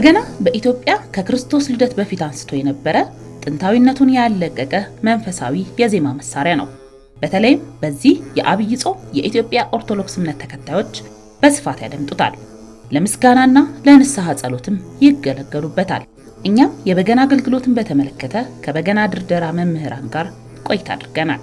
በገና በኢትዮጵያ ከክርስቶስ ልደት በፊት አንስቶ የነበረ ጥንታዊነቱን ያለቀቀ መንፈሳዊ የዜማ መሳሪያ ነው። በተለይም በዚህ የአብይ ጾም የኢትዮጵያ ኦርቶዶክስ እምነት ተከታዮች በስፋት ያደምጡታል። ለምስጋናና ለንስሐ ጸሎትም ይገለገሉበታል። እኛም የበገና አገልግሎትን በተመለከተ ከበገና ድርደራ መምህራን ጋር ቆይታ አድርገናል።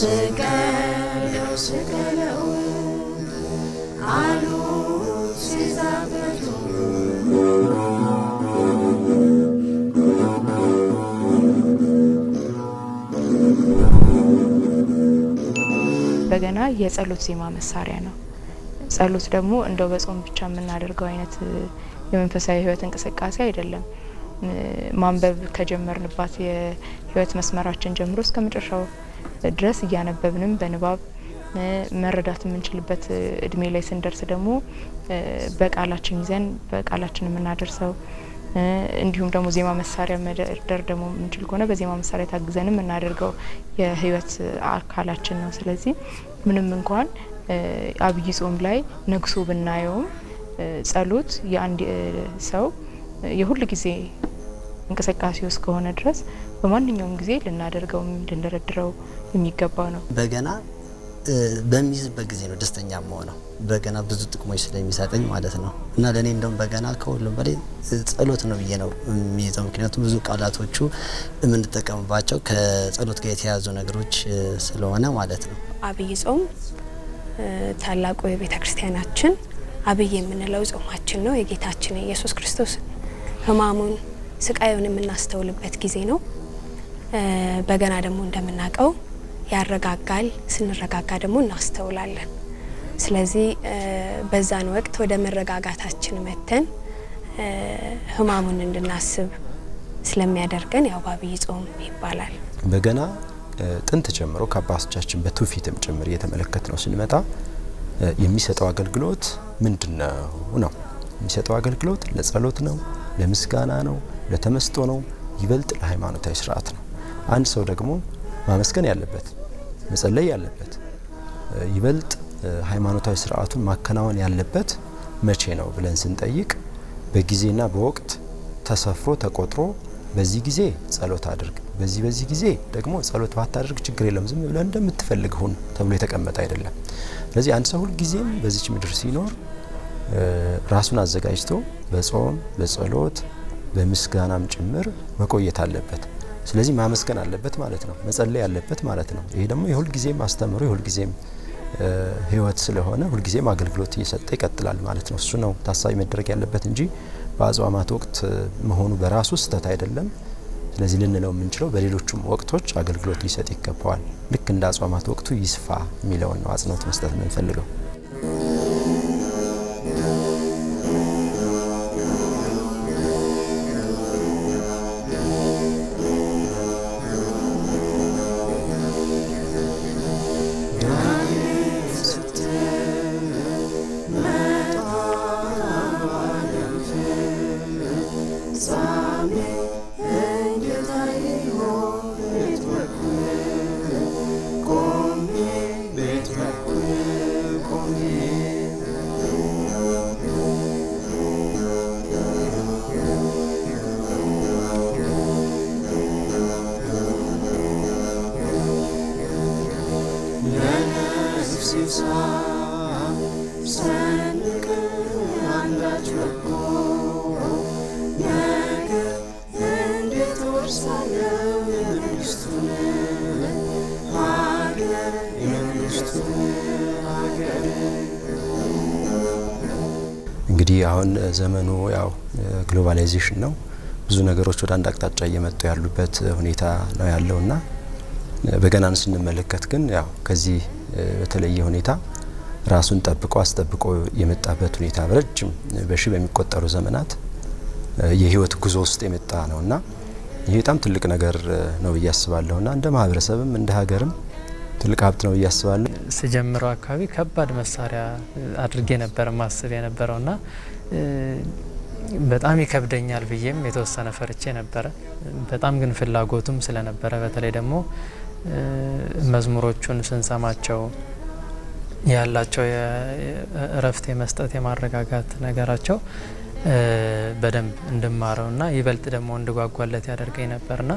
ስቀለው ስቀለው አሉ ሲዛበቱ በገና የጸሎት ዜማ መሳሪያ ነው። ጸሎት ደግሞ እንደው በጾም ብቻ የምናደርገው አይነት የመንፈሳዊ ሕይወት እንቅስቃሴ አይደለም። ማንበብ ከጀመርንባት የህይወት መስመራችን ጀምሮ እስከ መጨረሻው ድረስ እያነበብንም በንባብ መረዳት የምንችልበት እድሜ ላይ ስንደርስ ደግሞ በቃላችን ይዘን በቃላችን የምናደርሰው እንዲሁም ደግሞ ዜማ መሳሪያ መደርደር ደግሞ የምንችል ከሆነ በዜማ መሳሪያ ታግዘን የምናደርገው የህይወት አካላችን ነው። ስለዚህ ምንም እንኳን አብይ ጾም ላይ ነግሶ ብናየውም ጸሎት የአንድ ሰው የሁል ጊዜ እንቅስቃሴ ውስጥ ከሆነ ድረስ በማንኛውም ጊዜ ልናደርገው ልንደረድረው የሚገባ ነው። በገና በሚይዝበት ጊዜ ነው ደስተኛ መሆነው። በገና ብዙ ጥቅሞች ስለሚሰጠኝ ማለት ነው እና ለእኔ እንደውም በገና ከሁሉም በላይ ጸሎት ነው ብዬ ነው የሚይዘው። ምክንያቱም ብዙ ቃላቶቹ የምንጠቀምባቸው ከጸሎት ጋር የተያዙ ነገሮች ስለሆነ ማለት ነው። አብይ ጾም ታላቁ የቤተ ክርስቲያናችን አብይ የምንለው ጾማችን ነው። የጌታችን የኢየሱስ ክርስቶስ ህማሙን ስቃዩን የምናስተውልበት ጊዜ ነው። በገና ደግሞ እንደምናውቀው ያረጋጋል። ስንረጋጋ ደግሞ እናስተውላለን። ስለዚህ በዛን ወቅት ወደ መረጋጋታችን መተን ህማሙን እንድናስብ ስለሚያደርገን ያው አብይ ጾም ይባላል። በገና ጥንት ጀምሮ ከአባቶቻችን በትውፊትም ጭምር እየተመለከት ነው ስንመጣ የሚሰጠው አገልግሎት ምንድን ነው ነው የሚሰጠው አገልግሎት ለጸሎት ነው፣ ለምስጋና ነው፣ ለተመስጦ ነው፣ ይበልጥ ለሃይማኖታዊ ስርዓት ነው። አንድ ሰው ደግሞ ማመስገን ያለበት መጸለይ ያለበት ይበልጥ ሃይማኖታዊ ስርዓቱን ማከናወን ያለበት መቼ ነው ብለን ስንጠይቅ በጊዜና በወቅት ተሰፍሮ ተቆጥሮ በዚህ ጊዜ ጸሎት አድርግ፣ በዚህ በዚህ ጊዜ ደግሞ ጸሎት ባታደርግ ችግር የለም፣ ዝም ብለን እንደምትፈልግ ሁን ተብሎ የተቀመጠ አይደለም። ስለዚህ አንድ ሰው ሁልጊዜም በዚች ምድር ሲኖር ራሱን አዘጋጅቶ በጾም በጸሎት በምስጋናም ጭምር መቆየት አለበት። ስለዚህ ማመስገን አለበት ማለት ነው፣ መጸለይ አለበት ማለት ነው። ይሄ ደግሞ የሁልጊዜም አስተምሮ የሁልጊዜም ህይወት ስለሆነ ሁልጊዜም አገልግሎት እየሰጠ ይቀጥላል ማለት ነው። እሱ ነው ታሳቢ መደረግ ያለበት እንጂ በአጽዋማት ወቅት መሆኑ በራሱ ስህተት አይደለም። ስለዚህ ልንለው የምንችለው በሌሎቹም ወቅቶች አገልግሎት ሊሰጥ ይገባዋል፣ ልክ እንደ አጽዋማት ወቅቱ ይስፋ የሚለውን ነው አጽንኦት መስጠት የምንፈልገው። እንግዲህ አሁን ዘመኑ ያው ግሎባላይዜሽን ነው። ብዙ ነገሮች ወደ አንድ አቅጣጫ እየመጡ ያሉበት ሁኔታ ነው ያለው እና በገናን ስንመለከት ግን ያው ከዚህ በተለየ ሁኔታ ራሱን ጠብቆ አስጠብቆ የመጣበት ሁኔታ በረጅም በሺ በሚቆጠሩ ዘመናት የህይወት ጉዞ ውስጥ የመጣ እና ይህ በጣም ትልቅ ነገር ነው ብዬ እና እንደ ማህበረሰብም እንደ ሀገርም ትልቅ ሀብት ነው ብዬ ስጀምረው አካባቢ ከባድ መሳሪያ አድርጌ ነበር ማስብ የነበረው ና በጣም ይከብደኛል ብዬም የተወሰነ ፈርቼ ነበረ። በጣም ግን ፍላጎቱም ስለነበረ በተለይ ደግሞ መዝሙሮቹን ስንሰማቸው ያላቸው እረፍት የመስጠት የማረጋጋት ነገራቸው በደንብ ና ይበልጥ ደግሞ እንድጓጓለት ያደርገኝ ና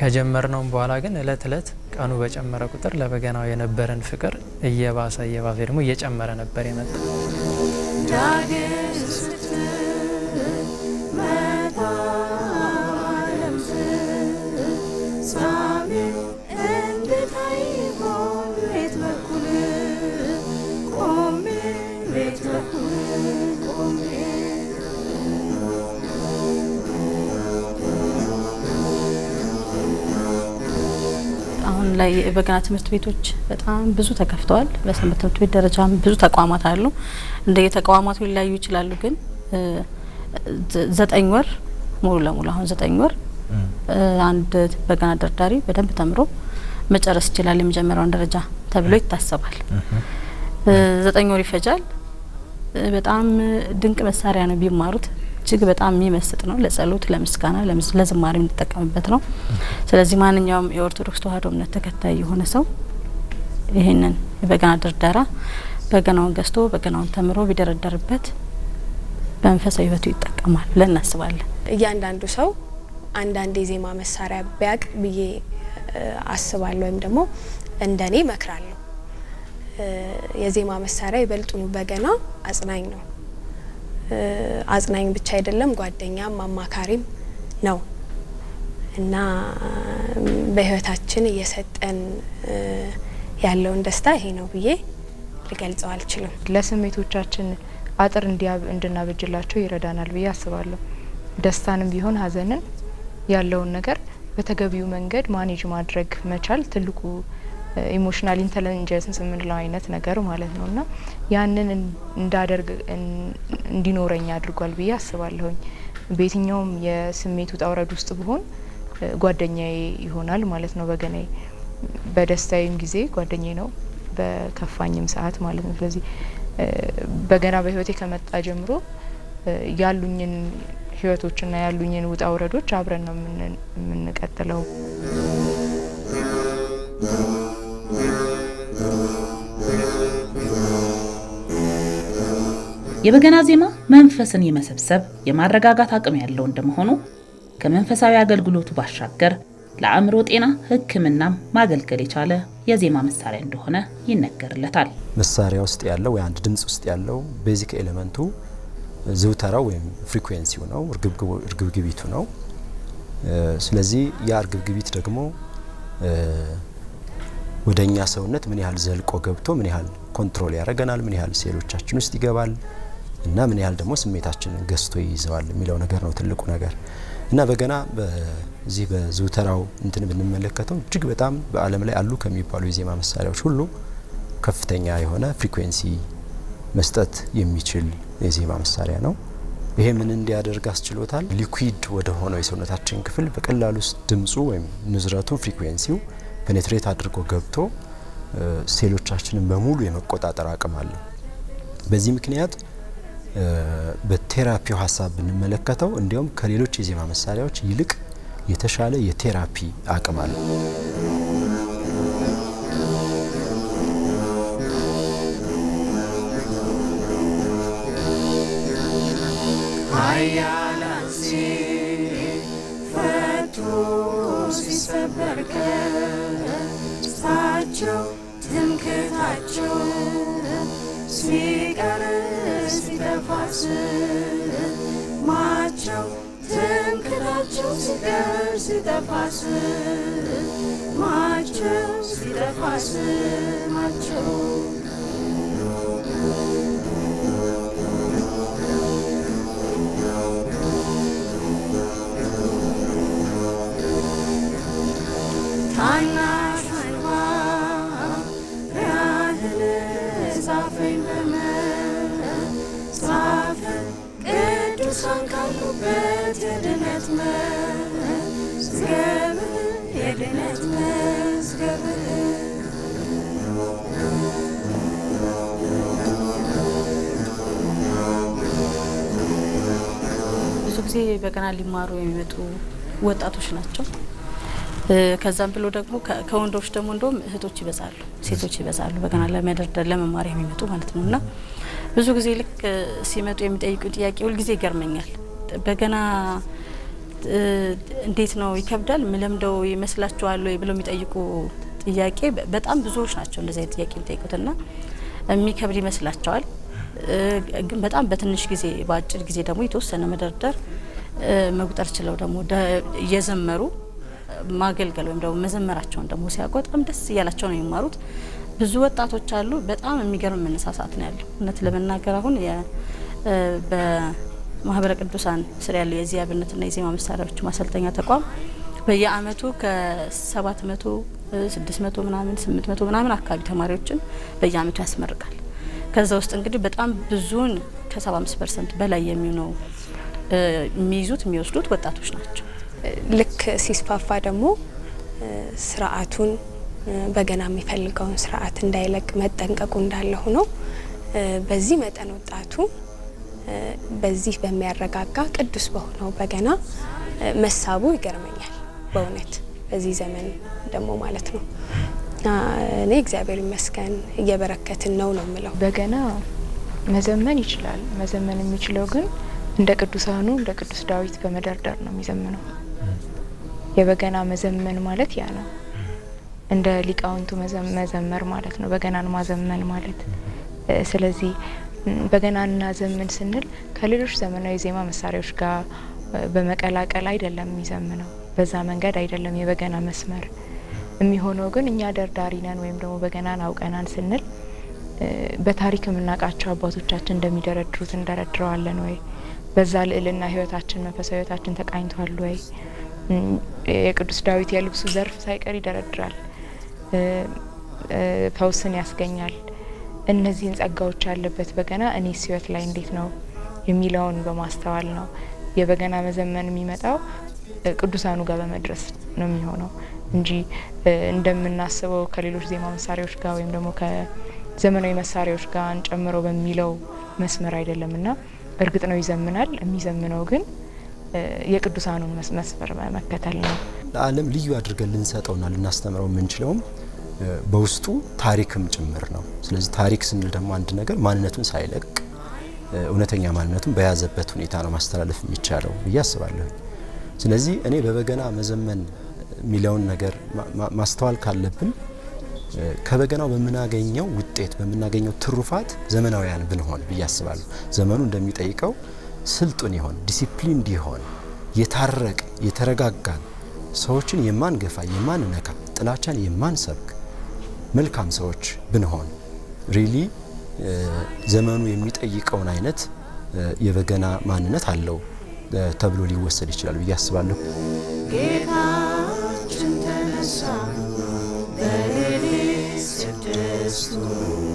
ከጀመርነውም በኋላ ግን እለት እለት ቀኑ በጨመረ ቁጥር ለበገናው የነበረን ፍቅር እየባሰ እየባሰ ደግሞ እየጨመረ ነበር የመጣ ላይ በገና ትምህርት ቤቶች በጣም ብዙ ተከፍተዋል። በሰንበት ትምህርት ቤት ደረጃ ብዙ ተቋማት አሉ። እንደ የተቋማቱ ሊለያዩ ይችላሉ። ግን ዘጠኝ ወር ሙሉ ለሙሉ አሁን ዘጠኝ ወር አንድ በገና ደርዳሪ በደንብ ተምሮ መጨረስ ይችላል የመጀመሪያውን ደረጃ ተብሎ ይታሰባል። ዘጠኝ ወር ይፈጃል። በጣም ድንቅ መሳሪያ ነው ቢማሩት እጅግ በጣም የሚመስጥ ነው። ለጸሎት፣ ለምስጋና፣ ለዝማሬ የምንጠቀምበት ነው። ስለዚህ ማንኛውም የኦርቶዶክስ ተዋሕዶ እምነት ተከታይ የሆነ ሰው ይህንን የበገና ድርደራ በገናውን ገዝቶ በገናውን ተምሮ ቢደረደርበት በመንፈሳዊ ሕይወቱ ይጠቀማል ብለን እናስባለን። እያንዳንዱ ሰው አንዳንድ የዜማ መሳሪያ ቢያቅ ብዬ አስባለሁ ወይም ደግሞ እንደኔ እመክራለሁ። የዜማ መሳሪያ ይበልጡኑ በገና አጽናኝ ነው። አጽናኝ ብቻ አይደለም፣ ጓደኛም አማካሪም ነው እና በህይወታችን እየሰጠን ያለውን ደስታ ይሄ ነው ብዬ ልገልጸው አልችልም። ለስሜቶቻችን አጥር እንድናበጅላቸው ይረዳናል ብዬ አስባለሁ። ደስታንም ቢሆን ሀዘንን ያለውን ነገር በተገቢው መንገድ ማኔጅ ማድረግ መቻል ትልቁ ኢሞሽናል ኢንተለጀንስ የምንለው አይነት ነገር ማለት ነው እና ያንን እንዳደርግ እንዲኖረኝ አድርጓል ብዬ አስባለሁኝ። በየትኛውም የስሜት ውጣ ውረድ ውስጥ ብሆን ጓደኛዬ ይሆናል ማለት ነው በገናዬ። በደስታዬም ጊዜ ጓደኛዬ ነው፣ በከፋኝም ሰዓት ማለት ነው። ስለዚህ በገና በህይወቴ ከመጣ ጀምሮ ያሉኝን ህይወቶችና ያሉኝን ውጣ ውረዶች አብረን ነው የምንቀጥለው። የበገና ዜማ መንፈስን የመሰብሰብ የማረጋጋት አቅም ያለው እንደመሆኑ ከመንፈሳዊ አገልግሎቱ ባሻገር ለአእምሮ ጤና ሕክምናም ማገልገል የቻለ የዜማ መሳሪያ እንደሆነ ይነገርለታል። መሳሪያ ውስጥ ያለው ወይ አንድ ድምጽ ውስጥ ያለው ቤዚክ ኤሌመንቱ ዝውተራው ወይም ፍሪኩዌንሲው ነው፣ እርግብግቢቱ ነው። ስለዚህ ያ እርግብግቢት ደግሞ ወደ እኛ ሰውነት ምን ያህል ዘልቆ ገብቶ ምን ያህል ኮንትሮል ያደርገናል፣ ምን ያህል ሴሎቻችን ውስጥ ይገባል እና ምን ያህል ደግሞ ስሜታችንን ገዝቶ ይይዘዋል የሚለው ነገር ነው ትልቁ ነገር እና በገና በዚህ በዝውተራው እንትን ብንመለከተው እጅግ በጣም በዓለም ላይ አሉ ከሚባሉ የዜማ መሳሪያዎች ሁሉ ከፍተኛ የሆነ ፍሪኩዌንሲ መስጠት የሚችል የዜማ መሳሪያ ነው። ይሄ ምን እንዲያደርግ አስችሎታል? ሊኩዊድ ወደ ሆነው የሰውነታችን ክፍል በቀላሉ ድምፁ ወይም ንዝረቱ ፍሪኩዌንሲው ፔኔትሬት አድርጎ ገብቶ ሴሎቻችንን በሙሉ የመቆጣጠር አቅም አለው። በዚህ ምክንያት በቴራፒው ሀሳብ ብንመለከተው እንዲያውም ከሌሎች የዜማ መሳሪያዎች ይልቅ የተሻለ የቴራፒ አቅም አለው። ሲቀር ሲጠፋስማቸው ትንክላቸው ሲቀር ሲጠፋስ ማቸው ሲጠፋስ ማቸው በገና ሊማሩ የሚመጡ ወጣቶች ናቸው። ከዛም ብሎ ደግሞ ከወንዶች ደግሞ እንደውም እህቶች ይበዛሉ፣ ሴቶች ይበዛሉ። በገና ለመደርደር ለመማር የሚመጡ ማለት ነው። እና ብዙ ጊዜ ልክ ሲመጡ የሚጠይቁ ጥያቄ ሁልጊዜ ይገርመኛል። በገና እንዴት ነው ይከብዳል? ምለምደው ይመስላችኋል ወይ ብለው የሚጠይቁ ጥያቄ በጣም ብዙዎች ናቸው። እንደዚህ አይነት ጥያቄ የሚጠይቁትና የሚከብድ ይመስላቸዋል። ግን በጣም በትንሽ ጊዜ በአጭር ጊዜ ደግሞ የተወሰነ መደርደር መቁጠር ችለው ደግሞ እየዘመሩ ማገልገል ወይም ደግሞ መዘመራቸውን ደግሞ ሲያውቁ በጣም ደስ እያላቸው ነው የሚማሩት። ብዙ ወጣቶች አሉ። በጣም የሚገርም መነሳሳት ነው ያለው። እውነት ለመናገር አሁን በማህበረ ቅዱሳን ስር ያለው የዚህ አብነትና የዜማ መሳሪያዎች ማሰልጠኛ ተቋም በየአመቱ ከሰባት መቶ 600 መቶ ምናምን 800 መቶ ምናምን አካባቢ ተማሪዎችን በየአመቱ ያስመርቃል። ከዛ ውስጥ እንግዲህ በጣም ብዙውን ከ75 ፐርሰንት በላይ የሚሆነው የሚይዙት የሚወስዱት ወጣቶች ናቸው። ልክ ሲስፋፋ ደግሞ ስርዓቱን በገና የሚፈልገውን ስርዓት እንዳይለቅ መጠንቀቁ እንዳለ ሆኖ በዚህ መጠን ወጣቱ በዚህ በሚያረጋጋ ቅዱስ በሆነው በገና መሳቡ ይገርመኛል በእውነት በዚህ ዘመን ደግሞ ማለት ነው። እኔ እግዚአብሔር ይመስገን እየበረከትን ነው ነው የምለው። በገና መዘመን ይችላል። መዘመን የሚችለው ግን እንደ ቅዱሳኑ እንደ ቅዱስ ዳዊት በመደርደር ነው የሚዘምነው። የበገና መዘመን ማለት ያ ነው። እንደ ሊቃውንቱ መዘመር ማለት ነው በገናን ማዘመን ማለት። ስለዚህ በገናን እናዘምን ስንል ከሌሎች ዘመናዊ ዜማ መሳሪያዎች ጋር በመቀላቀል አይደለም የሚዘምነው፣ በዛ መንገድ አይደለም የበገና መስመር የሚሆነው። ግን እኛ ደርዳሪ ነን ወይም ደግሞ በገናን አውቀናን ስንል በታሪክ የምናውቃቸው አባቶቻችን እንደሚደረድሩት እንደረድረዋለን ወይ በዛ ልዕልና ህይወታችን፣ መንፈሳዊ ህይወታችን ተቃኝቷል ወይ? የቅዱስ ዳዊት የልብሱ ዘርፍ ሳይቀር ይደረድራል። ፈውስን ያስገኛል። እነዚህን ጸጋዎች ያለበት በገና እኔስ ህይወት ላይ እንዴት ነው የሚለውን በማስተዋል ነው። የበገና መዘመን የሚመጣው ቅዱሳኑ ጋር በመድረስ ነው የሚሆነው እንጂ እንደምናስበው ከሌሎች ዜማ መሳሪያዎች ጋር ወይም ደግሞ ከዘመናዊ መሳሪያዎች ጋር እንጨምረው በሚለው መስመር አይደለም እና እርግጥ ነው ይዘምናል። የሚዘምነው ግን የቅዱሳኑን መስመር መከተል ነው። ለዓለም ልዩ አድርገን ልንሰጠውና ልናስተምረው የምንችለውም በውስጡ ታሪክም ጭምር ነው። ስለዚህ ታሪክ ስንል ደግሞ አንድ ነገር ማንነቱን ሳይለቅ እውነተኛ ማንነቱን በያዘበት ሁኔታ ነው ማስተላለፍ የሚቻለው ብዬ አስባለሁ። ስለዚህ እኔ በበገና መዘመን የሚለውን ነገር ማስተዋል ካለብን ከበገናው በምናገኘው ውጤት በምናገኘው ትሩፋት ዘመናዊያን ብንሆን ብዬ አስባለሁ። ዘመኑ እንደሚጠይቀው ስልጡን ይሆን ዲሲፕሊን እንዲሆን የታረቅ የተረጋጋን ሰዎችን የማንገፋ የማንነካ ጥላቻን የማንሰብክ መልካም ሰዎች ብንሆን ሪሊ ዘመኑ የሚጠይቀውን አይነት የበገና ማንነት አለው ተብሎ ሊወሰድ ይችላል ብዬ አስባለሁ። した。